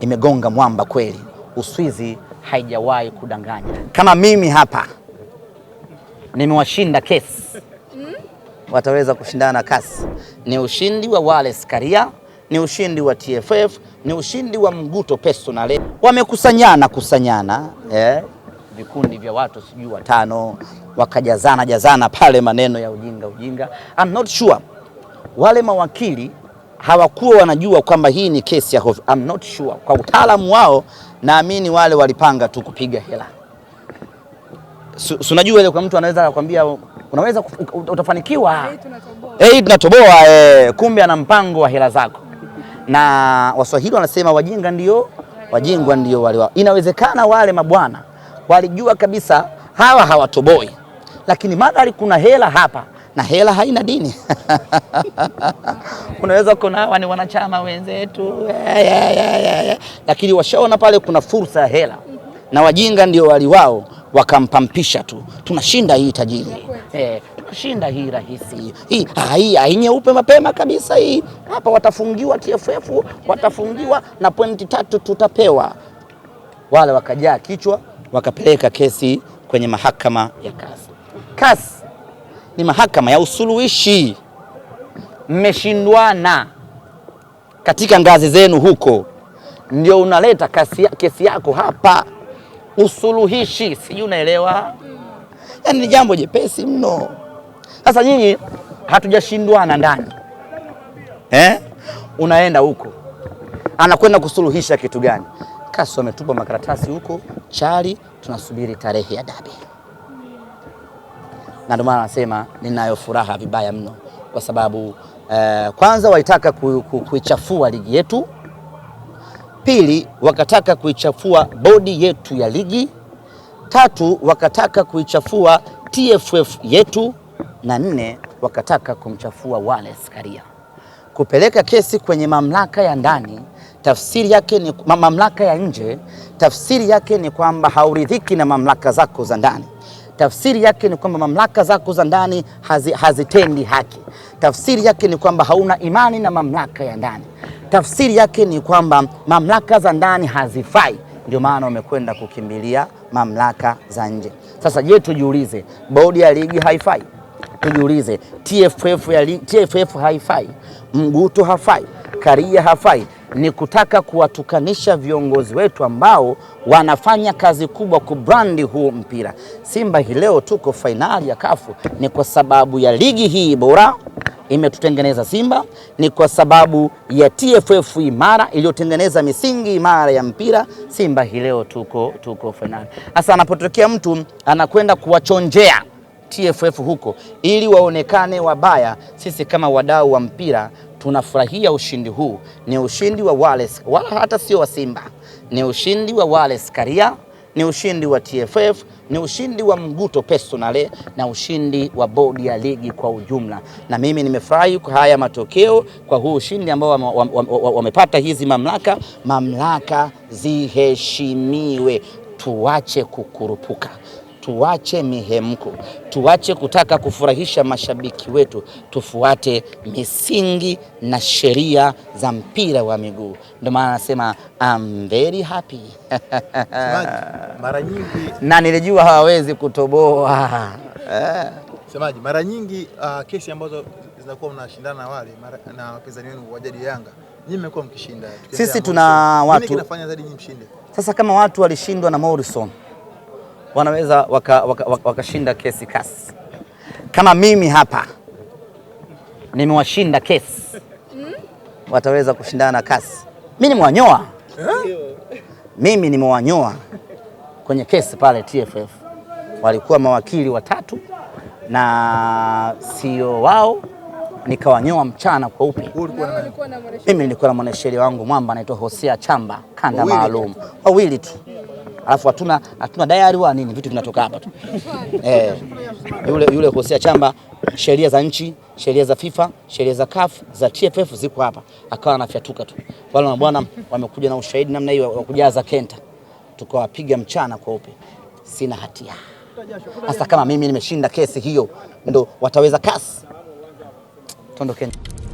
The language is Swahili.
imegonga mwamba kweli. Uswizi haijawahi kudanganya. Kama mimi hapa nimewashinda kesi, hmm? wataweza kushindana kasi. Ni ushindi wa Wallace Karia, ni ushindi wa TFF, ni ushindi wa Mguto personal. Wamekusanyana kusanyana eh, vikundi vya watu sijui watano, wakajazana jazana pale maneno ya ujinga ujinga. I'm not sure wale mawakili hawakuwa wanajua kwamba hii ni kesi ya Hovi. I'm not sure. Kwa utaalamu wao naamini wale walipanga tu kupiga hela. Unajua ile kwa mtu anaweza akwambia unaweza utafanikiwa, hey, tunatoboa eh, kumbe ana mpango wa hela zako. Na Waswahili wanasema wajinga ndio wajingwa ndio wale wao. Inawezekana wale mabwana walijua kabisa hawa hawatoboi, lakini madhali kuna hela hapa na hela haina dini. Unaweza kunawa ni wanachama wenzetu yeah, yeah, yeah, yeah. Lakini washaona pale kuna fursa ya hela na wajinga ndio waliwao wakampampisha tu, tunashinda hii tajiri eh, tunashinda hii rahisi hii ah, hii ah, hii nyeupe mapema kabisa hii hapa. Watafungiwa TFF watafungiwa na pointi tatu tutapewa. Wale wakajaa kichwa wakapeleka kesi kwenye mahakama ya kasi kasi ni mahakama ya usuluhishi. Mmeshindwana katika ngazi zenu huko, ndio unaleta kesi yako hapa usuluhishi, sijui unaelewa? Yaani ni jambo jepesi mno. Sasa nyinyi hatujashindwana ndani eh? Unaenda huko anakwenda kusuluhisha kitu gani? Kasi wametupa makaratasi huko chali, tunasubiri tarehe ya dabi na ndio maana nasema ninayo furaha vibaya mno kwa sababu eh, kwanza walitaka kuichafua ligi yetu, pili wakataka kuichafua bodi yetu ya ligi, tatu wakataka kuichafua TFF yetu, na nne wakataka kumchafua Wallace Karia. Kupeleka kesi kwenye mamlaka ya ndani tafsiri yake ni mamlaka ya nje, tafsiri yake ni kwamba hauridhiki na mamlaka zako za ndani. Tafsiri yake ni kwamba mamlaka zako za ndani hazi, hazitendi haki. Tafsiri yake ni kwamba hauna imani na mamlaka ya ndani. Tafsiri yake ni kwamba mamlaka za ndani hazifai, ndio maana wamekwenda kukimbilia mamlaka za nje. Sasa je, tujiulize, bodi ya ligi haifai? Tujiulize, TFF ya ligi, TFF haifai, Mguto hafai, Karia hafai ni kutaka kuwatukanisha viongozi wetu ambao wanafanya kazi kubwa kubrandi huu mpira. Simba hii leo tuko fainali ya kafu ni kwa sababu ya ligi hii bora imetutengeneza Simba, ni kwa sababu ya TFF imara iliyotengeneza misingi imara ya mpira. Simba hii leo tuko, tuko fainali. Sasa anapotokea mtu anakwenda kuwachonjea TFF huko ili waonekane wabaya, sisi kama wadau wa mpira tunafurahia ushindi huu. Ni ushindi wa Wallace, wala hata sio wa Simba, ni ushindi wa Wallace Karia, ni ushindi wa TFF, ni ushindi wa Mguto personale na ushindi wa bodi ya ligi kwa ujumla. Na mimi nimefurahi kwa haya matokeo, kwa huu ushindi ambao wamepata wa, wa, wa hizi mamlaka. Mamlaka ziheshimiwe, tuache kukurupuka tuache mihemko, tuache kutaka kufurahisha mashabiki wetu, tufuate misingi na sheria za mpira wa miguu. Ndio maana anasema I'm very happy mara nyingi, na nilijua hawawezi kutoboa Semaji, mara nyingi uh, kesi ambazo zinakuwa mnashindana na wale na wapinzani wenu wa jadi Yanga, nyinyi mmekuwa mkishinda. Sisi tuna watu. Nini kinafanya zaidi nyinyi mshinde? Sasa kama watu walishindwa na Morrison wanaweza wakashinda waka, waka, waka kesi kasi kama mimi hapa nimewashinda kesi mm? Wataweza kushindana kasi. Mi nimewanyoa mimi nimewanyoa kwenye kesi pale TFF, walikuwa mawakili watatu na sio wao, nikawanyoa mchana kweupe. Mimi nilikuwa na mwanasheria wangu mwamba anaitwa Hosea Chamba, kanda maalum wawili tu alafu hatuna hatuna diary wa nini, vitu vinatoka hapa tu eh, yule yule kosea Chamba, sheria za nchi, sheria za FIFA, sheria za CAF, za TFF ziko hapa, akawa anafyatuka tu. Wale mabwana wamekuja na ushahidi namna hiyo wa kujaza kenta, tukawapiga mchana kweupe, sina hatia. hasa kama mimi nimeshinda kesi hiyo, ndo wataweza kasi kenta.